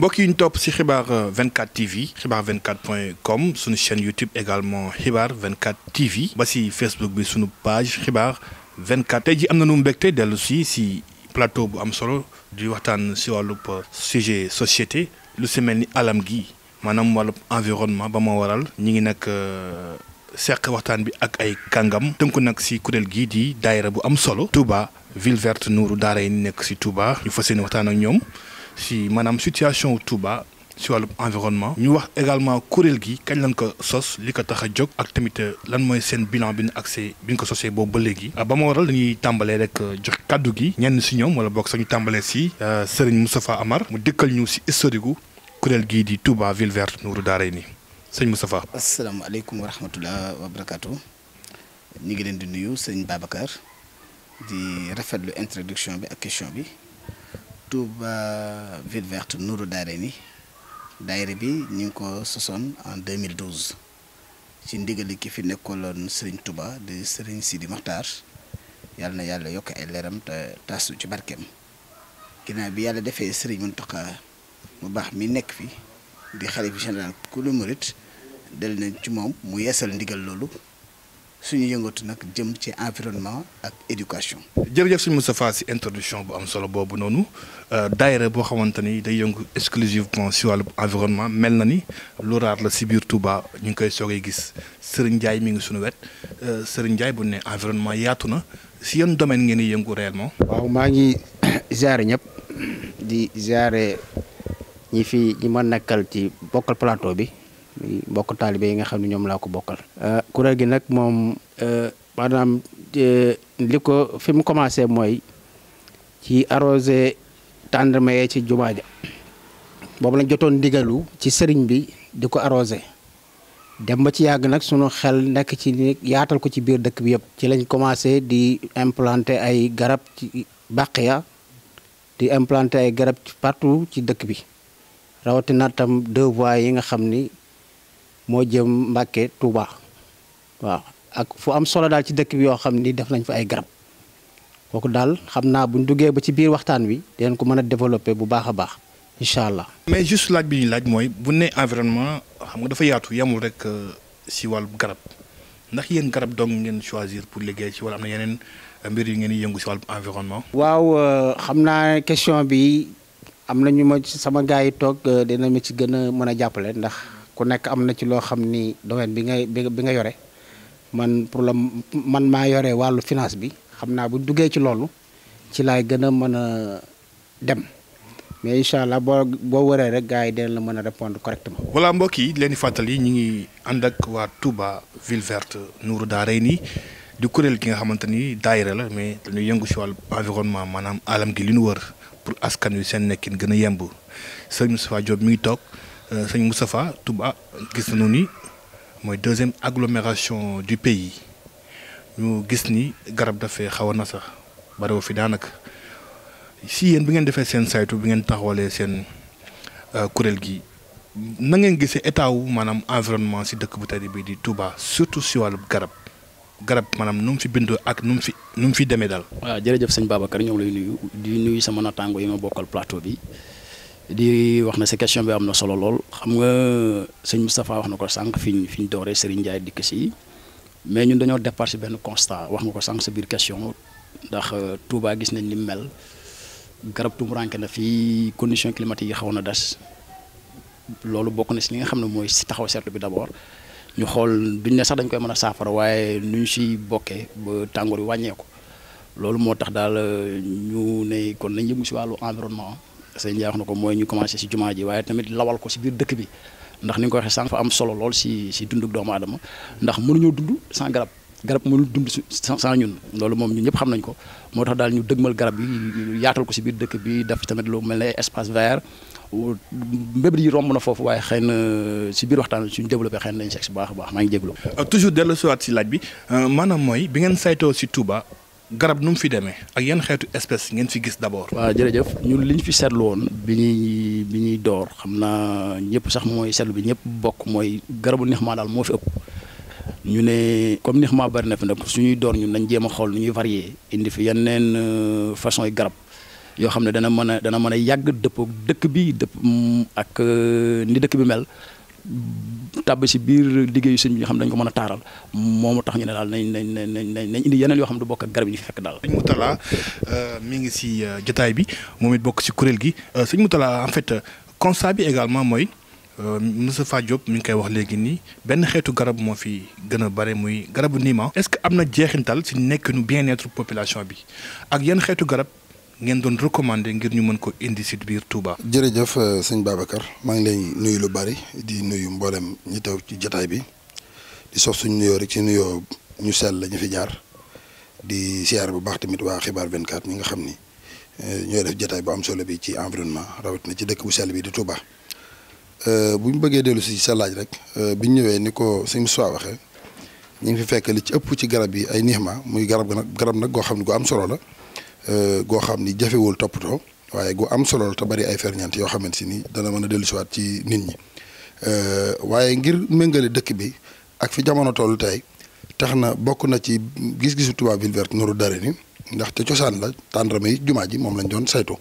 mbokk yi ñu topp si xibaar 24 euh, TV xibaar 24 point com suñu chaîne YouTube également xibaar 24 TV ba si Facebook bi suñu page xibaar 24 tey ji am na nu mbégte dellu si si plateau bu am solo di waxtaan si wàllub euh, sujet société lu si mel ni alam gi maanaam wàllub environnement ba ma waral ñi ngi nag euh, seq waxtaan bi ak ay kàngam tënku nag si kuréel gii di daayira bu am solo Touba ville verte Nourou Daara yi nekk si Touba ñu fa yéene waxtaan ak ñoom. si maanaam situation Touba si wàllu environnement. ñu wax également kuréel gi kañ lañ ko sos li ko tax a jóg ak tamit euh, lan mooy seen bilan bi ñu accès bi ñu ko sosee boobu ba léegi. Euh, ba ma waral dañuy tàmbalee rek euh, jox kàddu gi. ñenn si ñoom wala boog sax tàmbalee si Serigne Moustapha Amar mu dëkkal ñu si historique kuréel gii di Touba ville verte Nourou nii sëñ Moustapha. asalaamaaleykum wa rahmatulah wa barakaatu. ñu ngi leen di nuyu sëñ Babacar rafetlu introduction bi ak question bi. Touba ville verte Nourou Darayni daayira bi ñu ngi ko sosoon en 2012 ci ndigali ki fi nekkoon loon Serigne Touba di Serigne Sidi Mokhtar yàlla na yàlla yokk ay leeram te tasu ci barkeem ginnaaw bi yàlla defee Serigne Mountakha mu baax mi nekk fi di xalifa général ku lu murit del nañ ci moom mu yeesal ndigal loolu. suñu yëngatu nag jëm ci environnement ak éducation. jërëjëf suñu Moustapha si introduction bu am solo boobu noonu euh, daayira boo xamante ni day yëngu exclusivement si wàllu environnement mel na ni lu raar la si biir Touba ñu ngi koy soogay gis Serigne Ndiaye mi ngi suñu wet euh, Serigne Ndiaye bu ne environnement yaatu na si yan domaine ngeen di yëngu réellement. waaw maa ngi ziare ñëpp di ziare ñi fi ñi ma nekkal ci bokkal plateau bi. mbokk taalibe yi nga xam ne ñoom laa ko bokkal. Euh, kuréel gi nag moom euh, maanaam euh, li ko fi mu commencé mooy ci arrosé tàndarma yee ci jumaa ja boobu lañ jotoon ndigalu ci sëriñ bi di ko arrosé dem ba ci yàgg nag sunu xel nekk ci yaatal ko ci biir dëkk bi yëpp. ci lañ commencé di implanter ay garab ci ya di implanter ay garab partout ci dëkk bi rawatina tam deux voies yi nga xam ni. moo jëm Mbàkke Touba waaw ak fu am solo daal ci dëkk bi yoo xam ni def nañ fa ay garab kooku daal xam naa buñ duggee ba ci biir waxtaan wi den ko mën a développer bu baax a baax incha allah. mais juste laaj bi ñuy laaj mooy bu ne environnement xam nga dafa yaatu yamul rek euh, si wàllu garab ndax yéen garab dong ngeen choisir pour liggéey ci wala am na yeneen euh, mbir yu ngeen yëngu si wàllu environnement. waaw euh, xam naa question bi am na ñu ma sama gars yi toog dina ma ci gën a mën a jàppale ndax. ku nekk am na ci loo xam ni domaine bi nga bi nga yore man pour problème man maa yore wàllu finance bi xam naa bu duggee ci loolu ci laay gën a mën a dem mais incha allah boo boo wëree rek gars yi dinañ la mën a répondre correctement. voilà mbokk yi leen di fàttali ñu ngi ànd ak waa Touba ville verte rey nii di kuréel ki nga xamante ni daayira la mais dañuy yëngu si wàllu environnement maanaam alam gi li nu wër pour askan wi seen nekkin gën a yemb sëñ Moustapha Diop mi ngi toog. Euh, sëñ Moustapha Touba gis nañu ni mooy deuxième agglomération du pays ñu gis ni garab dafee xaw a na sax barewu fi daanaka si yéen bi ngeen defee seen saytu bi ngeen taxawalee seen euh, kuréel gi na ngeen gisee état wu maanaam environnement si dëkk bu tedd bi di tuba surtout si wàllu garab garab maanaam nu mu fi bindoo ak nu mu fi nu mu fi demee daal. waaw jërëjëf sëñ Babacar ñoo ngi lay nuyu di nuyu sama nattaango yi ma bokkal plateau bi. di wax na sa question bi am na solo lool xam nga sëñ Moustapha wax na ko sànq fi ñu fi ñu dooree Serigne Ndiaye dikk si mais ñun dañoo départ si benn constat wax nga ko sànq sa biir question ndax euh, Touba gis nañ ni mel garab tumuranke na fii condition climatique yi xaw na des loolu bokk na si li nga xam ne mooy si taxaw seetlu bi d'abord ñu xool duñ ne sax dañ koy mën a saafara waaye nu ñu si bokkee ba tàngoor wi wàññeeku loolu moo tax daal euh, ñu ne kon nañ yëngu si wàllu environnement. sëñ Ndiaye wax na ko mooy ñu commencé si jumaa ji waaye tamit lawal ko si biir dëkk bi ndax ni nga ko waxee sànq fa am solo lool si si dunduk doomu adama ndax mënuñoo dund sans garab garab mënul dund sans ñun loolu moom ñu ñëpp xam nañ ko moo tax daal ñu mal garab yi yaatal ko si biir dëkk bi def tamit lu mel ne espace vert mbébét yi romb na foofu waaye xëy na si biir waxtaan suñu développé xëy na dañ sex bu baax baax maa ngi jéglu euh, toujours dellu siwaat si laaj bi euh, maanaam mooy bi ngeen saytoo si Touba garab nu mu fi demee ak yan xeetu espèce ngeen fi gis d'abord. waaw jërëjëf ñun li ñu fi seetlu woon bi ñuy bi ñuy door xam naa ñëpp sax mooy seetlu bi ñëpp bokk mooy garabu nixmaa daal moo fi ëpp. ñu ne comme nixmaa bari na fi nag suñuy door ñun nañ jéem a xool nu ñuy varier indi fi yeneen euh, façon yi garab yoo xam ne dana mën a dana mën a yàgg dëppoo dëkk bi dëpp mm, ak euh, ni dëkk bi mel. tàbb si biir liggéeyu sëñ bi nga xam dañ ko mën a taaral moomu tax ñu ne daal nañ nañ nañ nañ indi yeneen yoo xam du bokk ak garab yi ñu fekk daal. sëñ Moutala euh, mi ngi si euh, jotaay bi moom it bokk si kuréel gi euh, sëñ Moutala en fait constat bi également mooy Moustapha Diop mu ngi koy wax léegi nii benn xeetu garab moo fi gën a bare muy garabu niima. est-ce que am na jeexintal si nekkinu bien-être population bi ak yan xeetu garab. ngeen doon recommander ngir ñu mën ko indi si biir Touba. jërëjëf euh, sëñ Babacar maa ngi leen nuyu lu bari di nuyu mboolem ñu taw ci jataay bi di sof suñu nuyoo rek ci nuyoo ñu sell la ñu fi jaar di siyaar bu baax tamit xibaar 24 ñi nga xam ni euh, ñoo def jotaay am solo bi ci environnement rawatina ci dëkk bu sell bi di Touba. Euh, bu ñu bëggee dellu si sa rek bi ñu ñëwee ni ko sëñ Moussa waxee ñu ngi fi fekk li ci ëpp ci garab yi ay niix ma muy garab garab nag goo xam ne gu am solo la. Euh, goo xam ni jafewul toppatoo waaye gu am solo te bari ay ferñeent yoo xamante nii dana mën a dellusiwaat ci nit ñi euh, waaye ngir méngale dëkk bi ak fi jamono toll tey tax na bokk na ci gis-gisu Touba Ville Verte Nourou Darayni ndaxte cosaan la tàndarma yi jumaa ji moom lañ doon saytu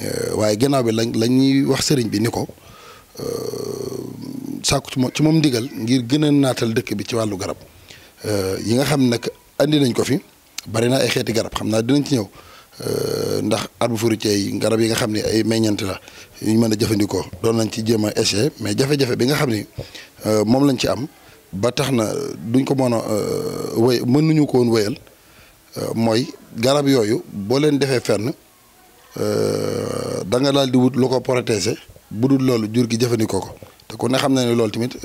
euh, waaye gannaaw bi lañ la ñuy wax sëriñ bi ni ko sàkku ci moom ci moom ndigal ngir gën naatal dëkk bi ci wàllu garab yi nga xam nag indi nañ ko fi bari naa ay xeeti garab xam naa dinañ ci ñëw. Euh, ndax arbre fruitier yi garab yi nga xam ne ay meññeent la yu mën a jëfandikoo doon nañ ci jéem a essayer mais jafe-jafe bi nga xam ni euh, moom lañ ci am ba tax na duñ ko mën a euh, wéy mën nañu woon wéyal mooy garab yooyu boo leen defee fenn da nga daal di wut lu ko protéger bu dul loolu jur gi jëfandikoo ko te ku ne xam na ne loolu tamit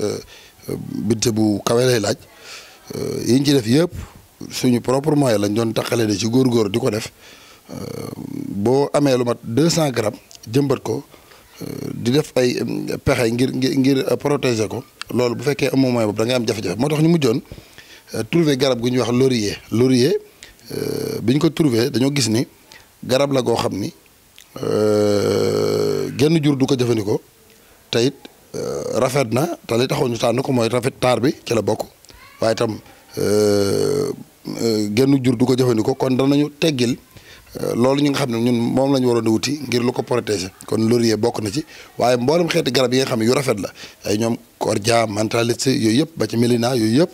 budget bu kawe laaj laaj yiñ ci def yëpp suñu propre moyen lañ doon taqalee de ci góor-góor di ko def. boo amee lu mat deux cent garab jëmbat ko euh, di def ay pexe ngir ngir ngir euh, protéger ko loolu bu fekkee amoo moyen boobu da ngay am jafe-jafe moo tax ñu mujjoon euh, trouver garab gu ñuy wax laurier laurier bi ñu ko trouver dañoo gis ni garab la goo xam ni genn jur du ko jëfandikoo te it rafet na te li taxoon ñu tànn ko mooy rafet taar bi ci la bokk waaye itam genn jur du ko jëfandikoo kon ñu teggil. Euh, loolu ñu nga xam ne ñun moom lañu ñu waroon a wuti ngir lu ko protéger kon laurier bokk na ci waaye mboolem xeeti garab yi nga xam ne yu rafet la ay ñoom kordia mentalité yooyu yëpp ba ci mélina yooyu yëpp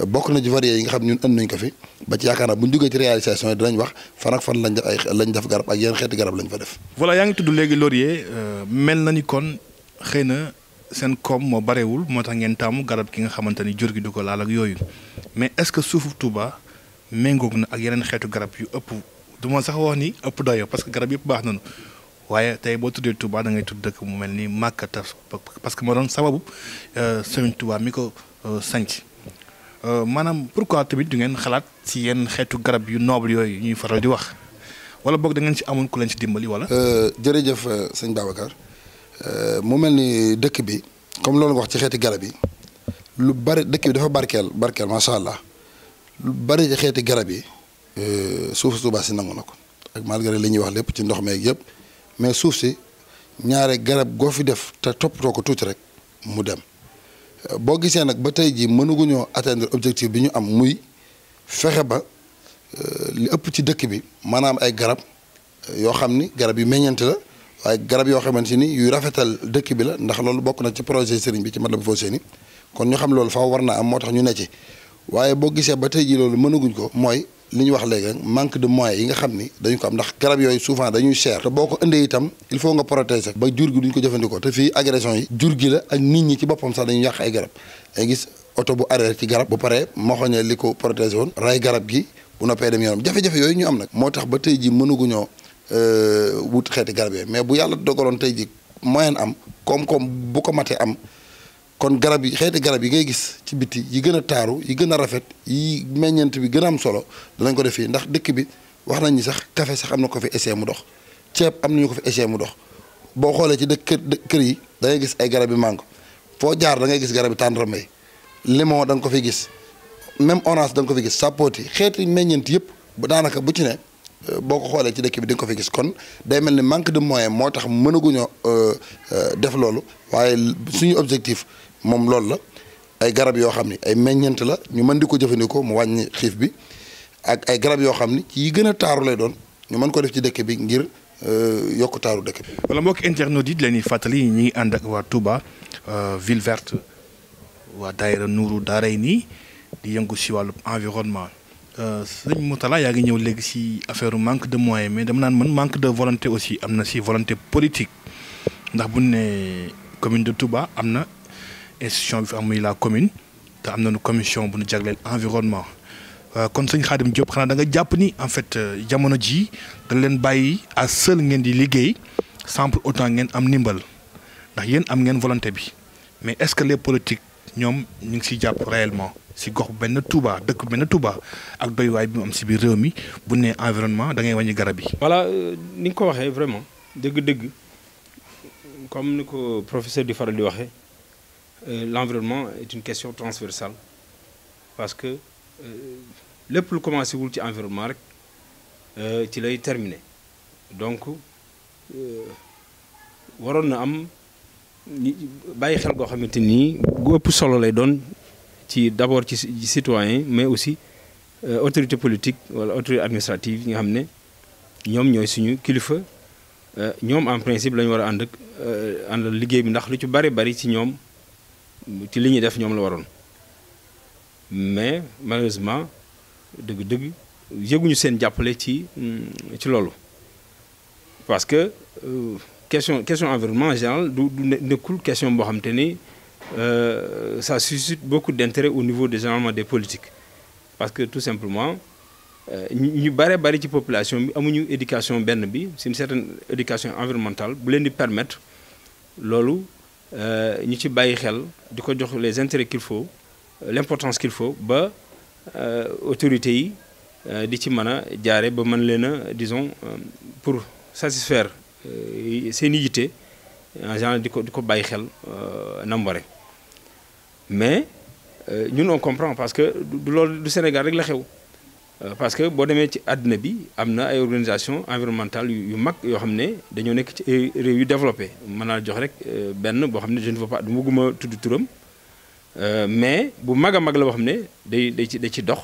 euh, bokk na ci variété yi nga xam ñun ënd nañ ko fi ba ci yaakaar naa bu ñu duggee ci réalisation yi wax fan ak fan lañ def ay lañ def garab ak yenn xeeti garab lañ fa def. voilà yaa ngi tudd léegi laurier euh, mel na ni kon xëy na seen koom moo barewul moo tax ngeen taamu garab ki nga xamante ni jur gi du ko laal ak yooyu mais est-ce que suufu Touba méngoog na ak yeneen xeetu garab yu ëpp du ma sax wax ni ëpp doyo parce que garab yëpp baax nañu waaye tey boo tuddee Touba da ngay tudd dëkk mu mel ni màkkata parce que moo doon sababu euh, Serigne Touba mi ko euh, sanc euh, maanaam pourquoi tamit du ngeen xalaat ci yenn xeetu garab yu noble yooyu ñuy faral di wax wala boog da ngeen ci amoon ku leen ci dimbali wala. jërëjëf sëñ Babacar mu mel ni dëkk bi comme loolu wax ci xeeti garab yi lu bari dëkk bi dafa barkeel barkeel macha allah lu bari ci xeeti garab yi. Euh, suuf Touba si nangu na ko ak malgré li ñuy wax lépp ci ndox meeg yëpp mais suuf si ñaare garab goo fi def te toppatoo ko tuuti rek mu dem euh, boo gisee nag ba tey jii mënuguñoo atteindre objectif bi ñu am muy fexe ba euh, li ëpp ci dëkk bi maanaam ay garab yoo xam ni garab yu meññante la waaye garab yoo xamante ni yu rafetal dëkk bi la ndax loolu bokk na ci projet sëriñ bi ci Matlaboul Fawzeyni kon ñoo xam loolu faaw war naa am moo tax ñu ne ci waaye boo gisee ba tey jii loolu mënaguñ ko mooy li ñu wax léegi manque de moyens yi nga xam ni dañu ko am ndax garab yooyu souvent dañuy cher te boo ko indee itam il faut nga protéger ba jur gi duñ ko jëfandikoo te fii agression yi jur gi la ak nit ñi ci boppam sax dañuy yàq ay garab ay gis oto bu arrêté ci garab bu paree moo xooñee li ko protéger woon ray garab gi bu noppee dem yoonam jafe-jafe yooyu ñu am nag moo tax ba tey ji mënuguñoo euh, wut xeeti garab yooyu mais bu yàlla dogaloon tey ji moyen am koom-koom bu ko matee am kon garab yi xeeti garab yi ngay gis ci biti yi gën a taaru yi gën a rafet yi meññent bi gën a am solo danañ ko def fii ndax dëkk bi wax nañ ni sax café sax am na ko fi essai mu dox ceeb am nañu ko fi essai mu dox boo xoolee ci dëkk kër yi da gis ay garab yi mango jaar da ngay gis garab yi tàndarma yi limon da nga ko fi gis même orange da ko fi gis sapooti xeeti meññeent yëpp daanaka bu ci ne euh, boo ko xoolee ci dëkk bi di ko fi gis kon day mel ni manque de moyen moo tax mënaguñoo euh, euh, def loolu waaye suñu objectif moom loolu la ay garab yoo xam ni ay meññent la ñu mën di ko jëfandikoo mu wàññi xiif bi ak ay garab yoo xam ni ci yi gën a taaru lay doon ñu mën ko def ci dëkk bi ngir euh, yokk taaru dëkk bi. wala mbokk internautes yi di leen di fàttali ñu ngi ànd ak waa Touba euh, ville verte waa daayira Nuuru Daarayni di yëngu si wàllu environnement. Euh, sëñ Moutala yaa ngi ñëw léegi si affaire manque de moyens mais dama naan man manque de volonté aussi am na si volonté politique ndax bu ne commune de Touba am na. institution bi fi am muy la commune te am nu commission bu ñu jagleel environnement euh, kon sëñ Khadim Diop xanaa da nga jàpp ni en fait euh, jamono jii da leen bàyyi à seul ngeen di liggéey sans pour autant ngeen am ndimbal ndax yéen am ngeen volonté bi mais est-ce que les politiques ñoom ñu ngi siy jàpp réellement si gox bu benn Touba dëkk bu benn Touba ak doywaay bi mu am si biir réew mi bu nee environnement da ngay wàññi garab yi. voilà euh, ni nga ko waxee vraiment dëgg-dëgg comme ni ko professeur di faral di waxee. Euh, l'environnement est une question transversale parce que euh, lépp lu commencé wul ci environnement rek euh, ci lay terminé donc waroon na am bàyyi xel goo xamante nii gu ëpp solo lay doon ci d'abord ci citoyen mais aussi autorité politique wala autorité administrative yi nga xam ne ñoom ñooy suñu kilifa ñoom en principe la war a ànd ak àndal liggéey bi ndax lu ci bari bari ci ñoom ci li ñuy def ñoom la waroon mais malheureusement dëgg-dëgg yëguñu seen jàppale ci ci loolu parce que euh, question question environnement en général du du nekkul question boo xam te ni euh, ça suscite beaucoup d'intérêt au niveau des généralement des politiques parce que tout simplement euh, ñu bare bari ci population bi amuñu éducation benn bi c'est une certaine éducation environnementale bu leen di permettre loolu Euh, ñu ci bàyyi xel di ko jox les intérêts qu'il faut euh, l'importance qu'il faut ba euh, autorités yi di ci mën a jaare ba man leen a disons pour satisfaire seen i yitte en général di ko di ko bàyyi xel nam ware mais ñun on comprend parce que du loolu du Sénégal rek la xew Euh, parce que boo demee ci àddina bi am na ay organisation environnementale yu mag yoo xam ne dañoo nekk ci réew yu développé mën naa jox rek euh, benn boo xam ne je ne veux pas du bëgguma tudd turam euh, mais bu mag a mag la boo xam ne day day ci day ci dox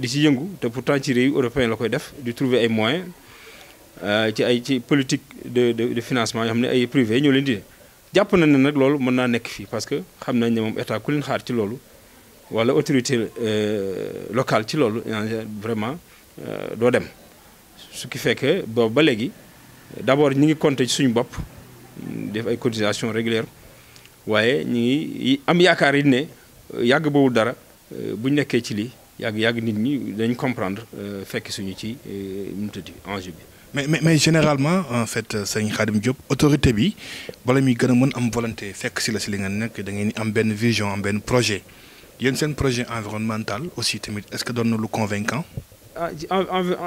di ci yëngu te pourtant ci réew européen la koy def du trouver ay moyens ci ay ci politique de de financement yoo xam ne ay privé ñoo leen di jàpp na ne nag loolu mën naa nekk fii parce que xam na ne moom état ku leen xaar ci loolu wala autorité euh, locale ci loolu vraiment euh, doo dem su ki fekkee boobu ba léegi d'abord ñu ngi compter ci suñu bopp def ay cotisation régulière waaye ñu ngi am yaakaar yi ne euh, yàgg boobu dara bu ñu nekkee ci lii yàgg yàgg nit ñi dañ comprendre fekk suñu ci nu mu tëdd enjeu bi. mais mais généralement en fait sëñ Khadim Diop autorité bi bala muy gën a mën am volonté fekk si la si li nga nekk da ngeen am benn vision am benn projet. yéen seen projet environnemental aussi tamit est-ce que doon na lu convaincant. ah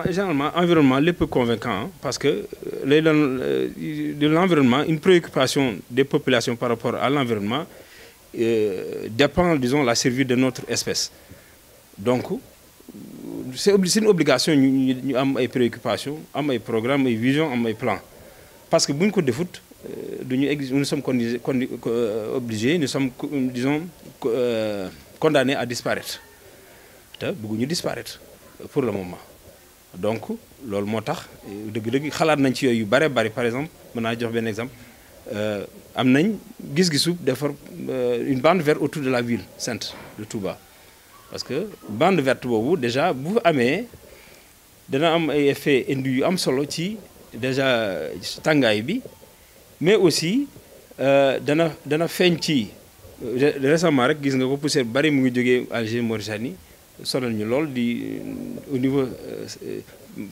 généralement environnement lépp convaincant parce que euh, lay doon euh, de l'environnement une préoccupation des populations par rapport à l'environnement euh, dépend disons la survie de notre espèce donc c'est une obligation ñu ñu am ay préoccupations am ay programmes ay visions am ay parce que bu ñu ko defut du ñu ex nous sommes obligés nous sommes disons. condamnés à disparaître te bëgguñu disparaître pour le moment donc loolu moo tax dëgg-dëgg xalaat nañ ci yooyu yu bare bari par exemple mën naa jox benn exemple euh, am nañ gis-gisu defar euh, une bande verte autour de la ville sainte de Touba parce que bande verte boobu déjà bu amee dana am ay effet indi yu am solo ci déjà tàngaay bi mais aussi euh, dana dana feeñ ci récemment rek gis nga ko poussière bari mu ngi jógee Algérie Mauritanie sonal ñu lool di euh, au niveau euh,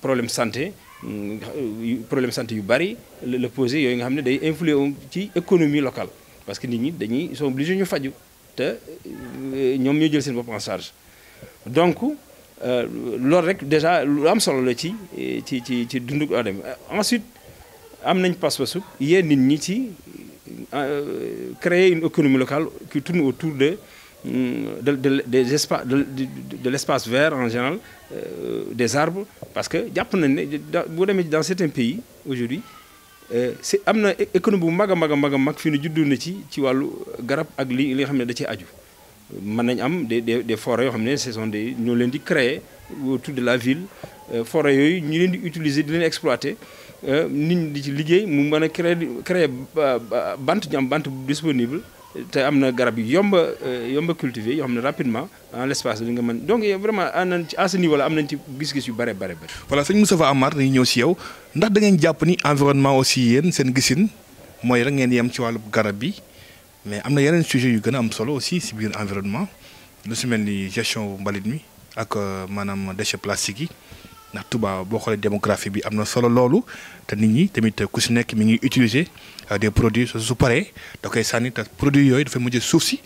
problème santé euh, problème santé yu bari la posé yooyu nga xam ne day influer ci économie locale parce que nit ñi dañuy sont obligés ñu faju te ñoom ñoo jël seen bopp en charge donc loolu rek déjà lu am solo la ci ci ci ci dundu aadama ensuite am nañ pas-pasu yee nit ñi ci Euh, créer une économie locale qui tourne autour de, euh, de, de, des espaces, de, de l'espace vert en général, euh, des arbres. Parce que, dans certains pays, aujourd'hui, euh, c'est am na économie bu mag a mag a mag a mag fii ne juddu na ci ci wàllu garab ak li li xam ne da ci aju mën nañ am des des des forêts yoo xam ne ce sont des ñoo leen di créer autour de la ville forêt yooyu ñu leen di utiliser di leen exploité Euh, nit ñi di ci liggéey mu mën a créer bant ñu am bant disponible te am na garab yu yomb yomba euh, cultivé yoo xam ne rapidement en l' espace li nga mën donc vraiment am nañ ci à am nañ ci gis yu bare bare bare voilà sëñ Moustapha ñëw si yow ndax da ngeen jàpp ni environnement aussi yéen seen gisin mooy rek ngeen yem ci wàllu garab bi mais am na yeneen sujet yu gën a am solo aussi si biir environnement lu si mel ni gestion mbalit mi ak euh, maanaam déchets plastiques yi ndax Touba boo xoolee démographie bi am na solo loolu te nit ñi tamit ku si nekk mi ngi utiliser euh, des produits su paree da koy sànni te produits yooyu dafay mujjee suuf si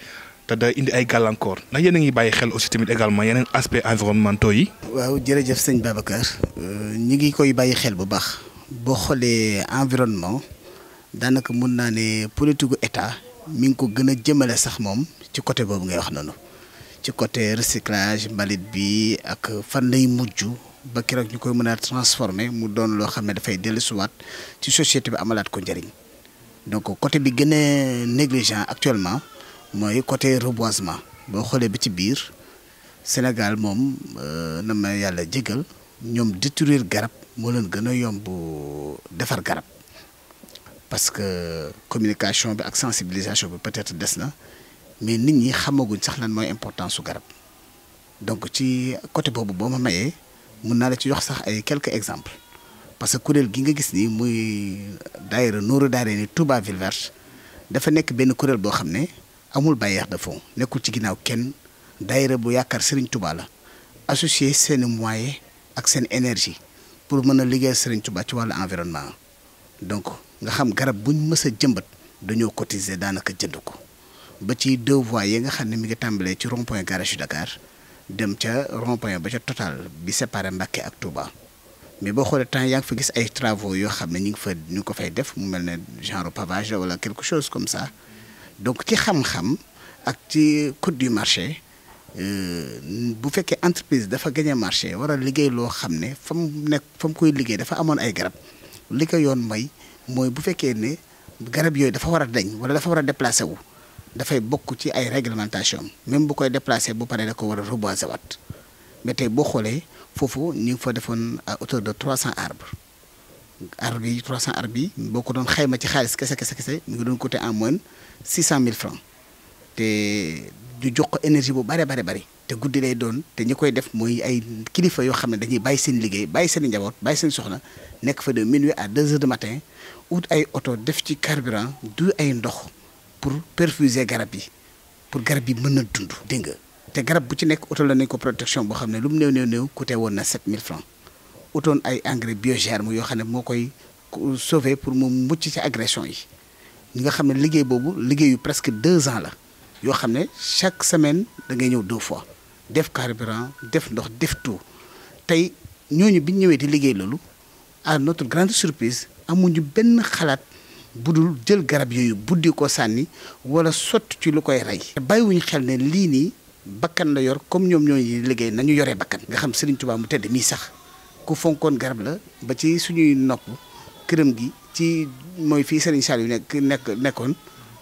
te da indi ay gàllankoor ndax yéen a ngi bàyyi xel aussi tamit également yeneen aspects environnementaux yi. waaw jërëjëf sëñ Babacar. Euh, ñi ngi koy bàyyi xel bu baax. boo xoolee environnement daanaka mun naa ne politique état mi ngi ko gën a jëmale sax moom ci côté boobu ngay wax noonu ci côté recyclage mbalit bi ak fan lay mujj. ba keroog ñu koy mën a transformer mu doon loo xam ne dafay dellusiwaat ci société bi amalaat ko njariñ donc côté bi gën a négligent actuellement mooy côté reboisement boo xoolee bi ci biir Sénégal moom euh, na ma yàlla jégal ñoom détruire garab moo leen gën a yomb defar garab parce que communication bi ak sensibilisation bi peut-être des na mais nit ñi xamaguñ sax lan mooy importance su garab donc ci côté boobu boo ma mayee. mun naa la ci jox sax ay quelques exemple parce que kuréel gi nga gis nii muy daayira Nooru Daare ni Touba Ville Verte dafa nekk benn kuréel boo xam ne amul bailleur de fonds nekkul ci ginnaaw kenn daayira bu yaakaar Serigne Touba la associé seen moyen ak seen énergie pour mën a liggéeyal Serigne Touba ci wàllu environnement donc nga xam garab buñ mës a jëmbat dañoo cotiser daanaka jënd ko ba ci deux voies yi nga xam ne mu ngi tàmbalee ci rond point garage Dakar dem ca rond ba ca total bi séparé Mbacke ak Touba mais boo xoolee temps yaa ngi fa gis ay travaux yoo xam ne ñu ngi fa ñu ngi ko fay def mu mel ne genre pavage wala quelque chose comme sa donc ci xam-xam ak ci code du marché euh, bu fekkee entreprise dafa gagné marché war a liggéey loo xam ne fa mu nekk fa mu koy liggéey dafa amoon ay garab li ko yoon may mooy bu fekkee ne garab yooyu dafa war a deñ wala dafa war a déplacé wu. dafay bokk ci ay réglementation même bu koy déplacé bu paree da ko war a reboiser waat tey boo xoolee foofu ni ngi fa defoon à hauteur de 300 arbres arbres yi 300 arbres yi boo ko doon xayma ci xaalis kese kese kese ñu ngi doon côté en moyenne 600 mille francs te ñu jox ko énergie bu bare bare bari te guddi lay doon te ñi koy def mooy ay kilifa yoo xam ne dañuy bàyyi seen liggéey bàyyi seen njaboot bàyyi seen soxna nekk fa de minuit à 2 heures de matin ut ay oto def ci carburant du ay ndox. pour perfuser garab yi pour garab yi mën na dund dégg nga te garab bu ci nekk utal nañ ko protection boo xam ne lu mu néew néew néew coûté woon na 7000 francs utoon ay engrais biogerme yoo xam ne moo koy sauver pour mu mucc ci agression yi ñi nga xam ne liggéey boobu liggéeyu presque deux ans la yoo xam ne chaque semaine da ngay ñëw deux fois def carburant def ndox def tout tey ñooñu bi ñu ñëwee di liggéey loolu à notre grande surprise amuñu benn xalaat bu dul jël garab yooyu buddi ko sànni wala sotti ci lu koy rey. bàyyiwuñ xel ne lii nii bakkan la yor comme ñoom ñooy liggéey nañu yoree bakkan. nga xam Serigne tubaa mu tedd mii sax ku fonkoon garab la ba ci suñuy nopp këram gi ci mooy fii Serigne saal yu nekk nekk nekkoon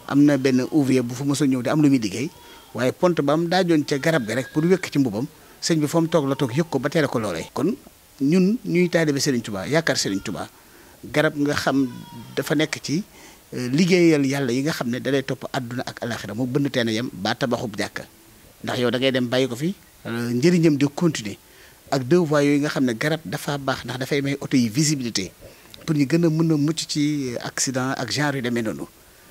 am na benn ouvrier bu fu mos a ñëw di am lu muy liggéey waaye pont ba am daajoon ca garab ga rek pour wékk ci mbubam sëñ bi fa mu toog la toog yëg ko ba tere ko loolee. kon ñun ñuy taalibe Serigne Touba yaakaar Serigne Touba. garab nga xam dafa nekk ci euh, liggéeyal yàlla yi nga xam ne dalay topp àdduna ak alaxira mu bënn teen a yem ba tabaxub jàkka ndax yow da ngay dem bàyyi ko fi euh, njëriñam di continuer ak deux voies yi nga xam ne garab dafa baax ndax dafay may auto yi visibilité pour ñu gën a mën a mucc ci euh, accident ak genre yu demee noonu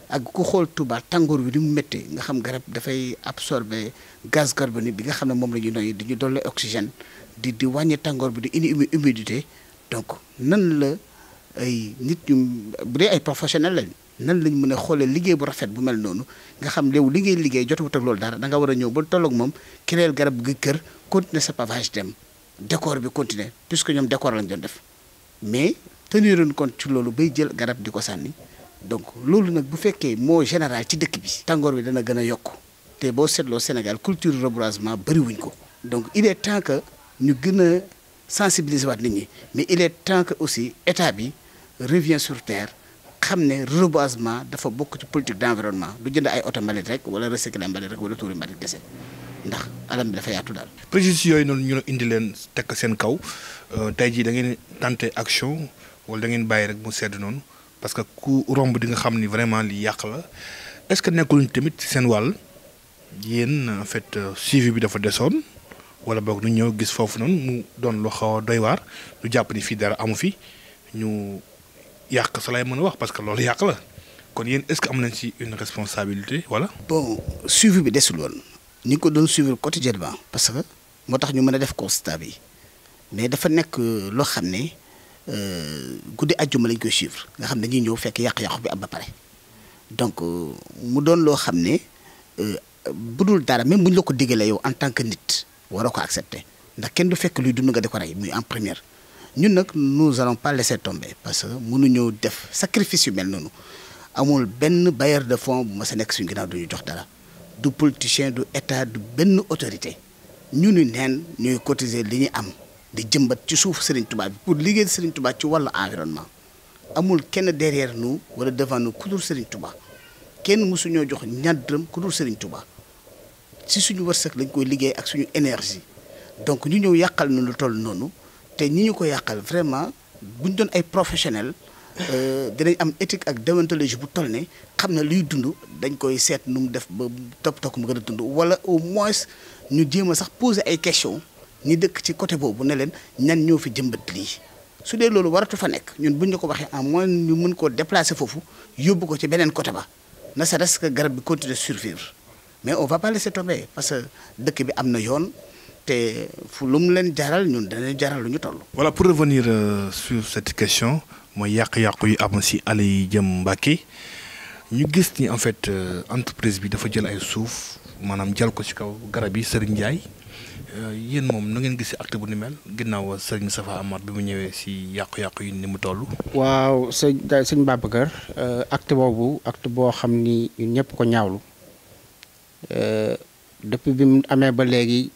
ak ku xool Touba tàngoor bi di mu méttee nga xam garab dafay absorber gaz carbonique bi nga xam ne moom la ñuy noyyi di ñu dolli oxygène di di wàññi tàngoor bi di indi humidité donc ay nit ñu bu dee ay professionnel lañ nan lañ mën a xoolee liggéey bu rafet bu mel noonu nga xam léew li ngay liggéey jotewut ak loolu dara danga war a ñëw ba tolloog moom kireel garab gi kër continuer sa pavage dem bi continuer puisque ñoom décor lañ doon def mais teniroon compte ci loolu bay jël garab di ko sànni donc loolu nag bu fekkee moo général ci dëkk bi tàngoor bi dana gën a yokk te boo seetloo Sénégal culture reboisement bëri ko donc il est que ñu gën a sensibiliser waat nit mais il est que aussi état bi revient sur terre xam ne reboisement dafa bokk ci politique d'environnement du jënd ay oto mbalit rek wala recycler mbalit rek wala tuuri mbalit kese ndax alam bi dafa yaatu daal. préjudice yooyu noonu ñu ne indi leen tekk seen kaw euh, tey jii da ngeen tenté action wala dangeen bàyyi rek mu sedd noonu parce que ku romb di nga xam ni vraiment li yàq la est-ce que nekkul tamit seen wàll yéen en fait euh, suivi bi dafa desoon. wala boog nu ñëw gis foofu noonu mu doon lu xaw a doy waar ñu jàpp ni fii dara amu fi ñu yàq sa lay mën a wax parce que loolu yàq la kon yéen est-ce que am nañ ci une responsabilité voilà. bon suivi bi desul woon ni ko doon suivre quotidiennement parce que moo tax ñu mën a def constat bi mais dafa nekk euh, loo xam ne euh, guddi àjjuma lañ koy suivre nga xam ne dañuy ñëw fekk yàq-yàqu bi am ba pare donc euh, mu doon loo xam ne bu dul dara même bu la ko diggalee yow en tant que nit waroo ko accepter ndax kenn du fekk luy dund nga di ko rey muy en première. ñun nag nous allons pas laisser tomber parce que ñëw def sacrifice yu mel noonu amul benn bailleur de fonds bu ma sa nekk suñu du ñu jox dara du politicien du état du benn autorité ñu ni neen ñuy cotiser li ñu am di jëmbat ci suuf Serigne tubaa bi pour liggéey Serigne Touba ci wàllu environnement amul kenn derrière nu wala devant nous ku dul Serigne Touba kenn mësuñoo jox ñaar dërëm ku dul Touba si suñu wërsëg lañ koy liggéey ak suñu énergie donc ñu ñëw yàqal na lu toll noonu te ñi ñu ko yàqal vraiment bu ñu doon ay professionnel euh, dinañ am éthique ak déontologie bu toll ne xam na luy dund dañ koy seet nu mu def ba topp topp mu gën a dund wala au moins ñu jéem a sax poser ay questions ñi dëkk ci côté boobu ne leen ñan ñoo fi jëmbat lii. su dee loolu waratu fa nekk ñun buñ ñu ko waxee en moins ñu mën koo déplacer foofu yóbbu ko ci beneen côté ba na serait-ce que garab bi continuer survivre mais on va pas laisser tomber parce que dëkk bi am na yoon. te lu mu leen jaral ñun danañ jaral lu ñu toll. voilà pour revenir euh, sur cette question mooy yàqu yàqu yi am si àll yi jëm Mbàkke ñu gis ni en fait euh, entreprise bi dafa jël ay suuf maanaam jal ko ci kaw garab yi Serigne Ndiaye euh, yéen moom nu ngeen gis si acte bu ni mel ginnaaw Serigne Safa Amar bi mu ñëwee si yàqu-yàqu yi ni mu toll. waaw sëñ sëñ Babacar euh, acte boobu acte boo xam ni ñun ñëpp ko ñaawlu euh, depuis bi mu amee ba léegi.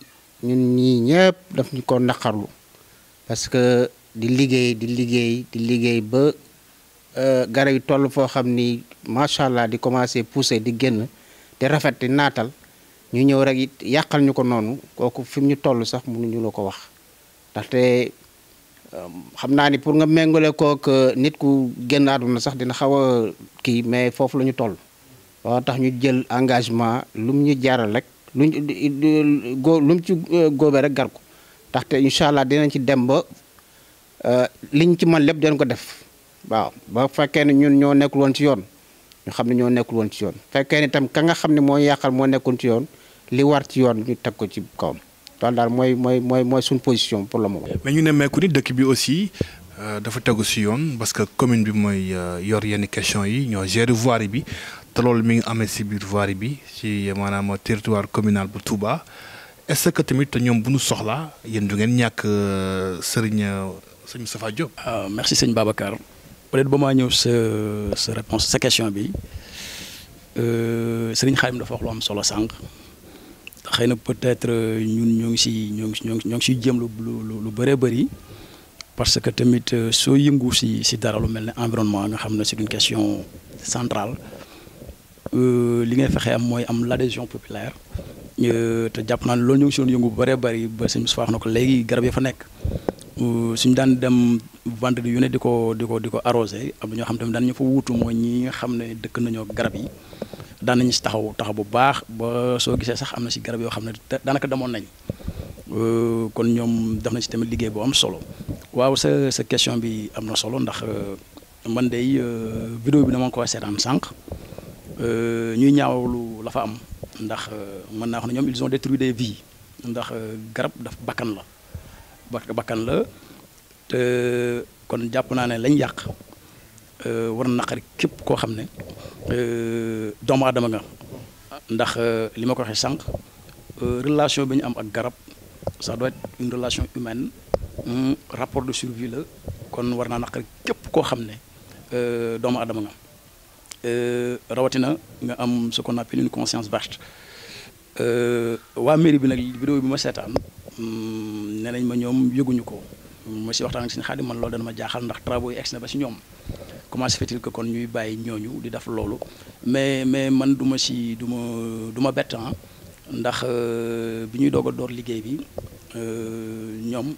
ñun ñii ñëpp daf ñu ko naqarlu parce que di liggéey di liggéey di liggéey ba euh, garab yi toll foo xam ni macha allah di commencé pousser di génn te rafet di naatal ñu ñëw rek it yàqal ñu ko noonu kooku fi ñu toll sax mënuñu la ko wax ndaxte euh, xam naa ni pour nga méngale kook euh, nit ku génn àdduna sax dina xaw a kii mais foofu la ñu toll waaw tax ñu jël engagement lu mu ñu jaral rek. luñ góo lu mu ci euh, góobee rek gar ko ndaxte incha allah dinañ ci dem ba euh, liñ ci man lépp dinañ ko def waaw ba fekkee ni ñun ñoo nekkul woon ci yoon ñu xam ne ñoo nekkul woon ci yoon fekkee ni itam ka nga xam ne moo yàqal moo nekkul ci yoon li war ci yoon ñu teg ko ci kawam loolu daal mooy mooy mooy mooy suñu position pour le moment. mais ñu ne meeku ni dëkk bi aussi euh, dafa tegu si yoon parce que commune bi mooy yor yenn question yi ñoo gérer voirie bi. te loolu mi ngi amee si biir voirie bi si maanaam territoire communal bu Touba est-ce que tamit ñoom bu ñu soxla yéen du ngeen ñàkk euh, sëriñ euh, sëñ Moustapha ah, merci sëñ Babacar peut-être ba maa ñëw sa sa réponse sa question bi euh, sëriñ Xaadim dafa wax am solo sànq xëy na peut-être ñun ñoo ngi si ñoo ngi ñoo ngi siy jëm lu lu lu bëree bëri. parce que tamit soo yëngu si si dara lu mel ni environnement nga xam ne si une question centrale. Euh, li ngay fexe am mooy am l' adhésion populaire euh, te jàpp naa loolu ñu ngi si doon yëngu bu bëree bëri ba suñu wax na ko léegi garab ya fa nekk euh, suñ daan dem vendredi yu ne di ko di ko di ko arrosé am na ñoo xam tamit daan ñu fa wuutu mooy ñi nga xam ne dëkk nañoo garab yi daan nañu si taxaw taxaw bu baax ba soo gisee sax am na si garab yoo xam ne daanaka demoon nañ kon ñoom def na si tamit liggéey bu am solo waaw sa sa question bi am na solo ndax man de vidéo bi dama ko seetaan sànq. Euh, ñuy ñaawlu la fa am ndax euh, mën naa xam ne ñoom ils ont détruit des vies ndax euh, garab daf bakkan la bakkan la te kon jàpp naa ne lañ yàq war na naqari képp koo xam ne doomu adama nga ndax li ma ko waxee sànq relation bi ñu am ak garab ça doit être une relation humaine rapport de survie la kon war naa naqari képp koo xam ne doomu aadama nga Euh, rawatina nga am ce qu'on appelle une conscience vaste euh, waa mairie bi nag vidéo bi ma seetaan mm, ne nañ ma ñoom yëguñu ko ma si waxtaan ak seen xaalis man loolu dana ma jaaxal ndax travaux yi egsi na ba si ñoom comment se fait que kon ñuy bàyyi ñooñu di def loolu mais mais man du ma si du ma du ma bett ah. ndax euh, bi ñuy doog a door liggéey bi ñoom